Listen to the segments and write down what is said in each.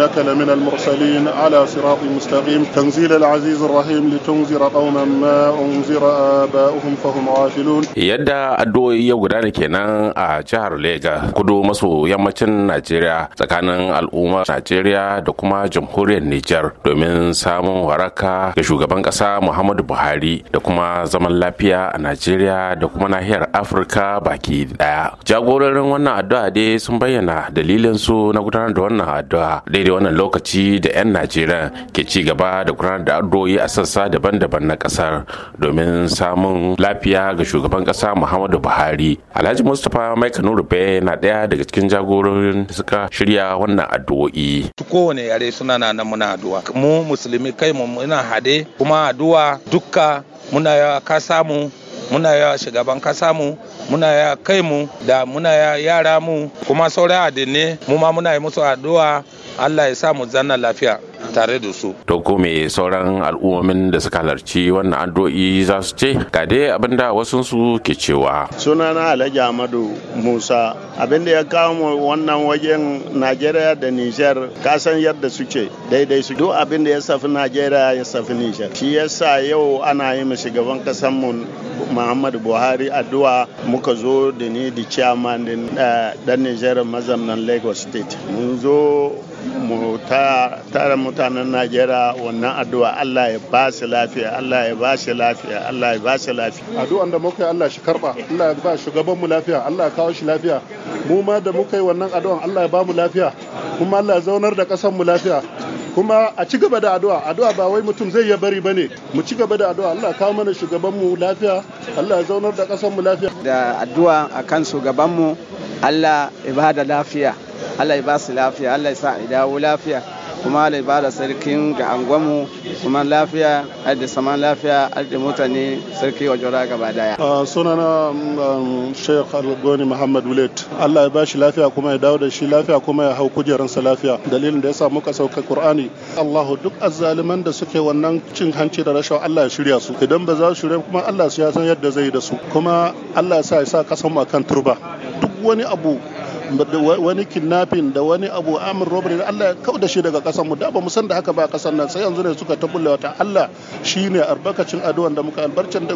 إنك لمن المرسلين على صراط مستقيم تنزيل العزيز yadda addu'o'i ya gudana kenan a jihar Legas kudu maso yammacin Najeriya tsakanin al'ummar Najeriya da kuma jamhuriyar Nijar domin samun waraka ga shugaban ƙasa Muhammadu Buhari da kuma zaman lafiya a Najeriya da kuma nahiyar Afirka baki daya jagororin wannan addu'a dai sun bayyana dalilinsu na gudanar da wannan addu'a daidai daidai wannan lokaci da 'yan najeriya ke ci gaba da gudanar da addu'o'i a sassa daban-daban na kasar domin samun lafiya ga shugaban kasa muhammadu buhari alhaji mustapha mai rufe na ɗaya daga cikin jagororin da suka shirya wannan addu'o'i kowane yare suna nan muna addu'a mu musulmi kai mu muna hade kuma addu'a dukka muna yawa ka samu muna yawa shugaban kasa mu muna ya kai mu da muna ya yara mu kuma sauran adinne mu ma muna yi musu addu'a allah ya sa mu zanna lafiya tare da su to ko me sauran al'ummomin da suka halarci wannan addu'o'i za su ce ga dai abin da wasu su ke cewa sunana alhaji amadu musa abin da ya kawo mu wannan wajen najeriya da niger kasan yadda suke daidai su duk abin da ya safi najeriya ya safi niger shi yasa yau ana yi mu shugaban kasan mu muhammadu buhari addu'a muka zo da ni da chairman din eh, dan nigeria mazamnan lagos state mun zo mu tara mutanen najeriya wannan addu'a allah ya ba shi lafiya allah ya ba shi lafiya allah ya ba shi lafiya addu'a da muka yi allah shi karba allah ya ba shugaban mu lafiya allah ya kawo shi lafiya mu ma da muka yi wannan addu'a allah ya ba mu lafiya kuma allah ya zaunar da kasan mu lafiya kuma a ci gaba da addu'a addu'a ba wai mutum zai ya bari bane mu ci gaba da addu'a Allah kawo mana shugaban mu lafiya Allah ya zaunar da kasar mu lafiya da addu'a akan shugaban mu Allah ibada lafiya Allah ya ba su lafiya Allah ya sa a dawo lafiya kuma da ba da sarkin ga angonmu kuma lafiya da saman lafiya da mutane sarki jura gaba daya sunana um, sheikh Goni muhammad wulet allah ya bashi lafiya kuma ya dawo da shi lafiya kuma ya hau kujeransa lafiya dalilin da ya sa muka sauka Kur'ani. allahu duk azzaliman da suke wannan cin hanci da rashawa allah ya shirya su idan ba za su shirya kuma allah ya san yadda zai da su kuma allah ya sa ya sa kasan mu akan turba duk wani abu wani kidnapping da wani abu amin robbery da Allah ya kau da shi daga kasan mu da ba mu san da haka ba kasan nan sai yanzu ne suka tabbulla wata Allah shine albarkacin addu'an da muka albarkacin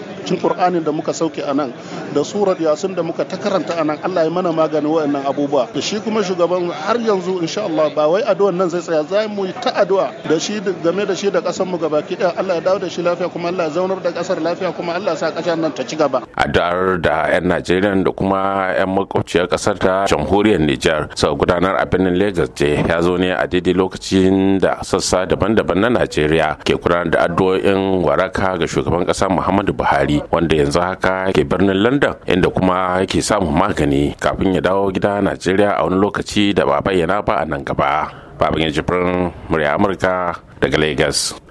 Qur'anin da muka sauke a nan da surar yasin da muka ta karanta anan Allah ya mana maganin waɗannan abubuwa da shi kuma shugaban har yanzu insha Allah ba wai addu'an nan zai tsaya za mu yi ta addu'a da shi game da shi da kasar mu gabaki daya. Allah ya dawo da shi lafiya kuma Allah ya zaunar da ƙasar lafiya kuma Allah ya sa kasar nan ta ci gaba addu'ar da 'yan Najeriya da kuma 'yan makwabciyar kasar ta jamhuriyar Nijar sa gudanar a birnin Lagos je ya zo ne a daidai lokacin da sassa daban-daban na Najeriya ke gudanar da addu'o'in waraka ga shugaban kasa Muhammadu Buhari wanda yanzu haka ke birnin London london inda kuma yake samun magani kafin ya dawo gida najeriya a wani lokaci da ba bayyana ba a nan gaba babban jibrin murya amurka daga lagos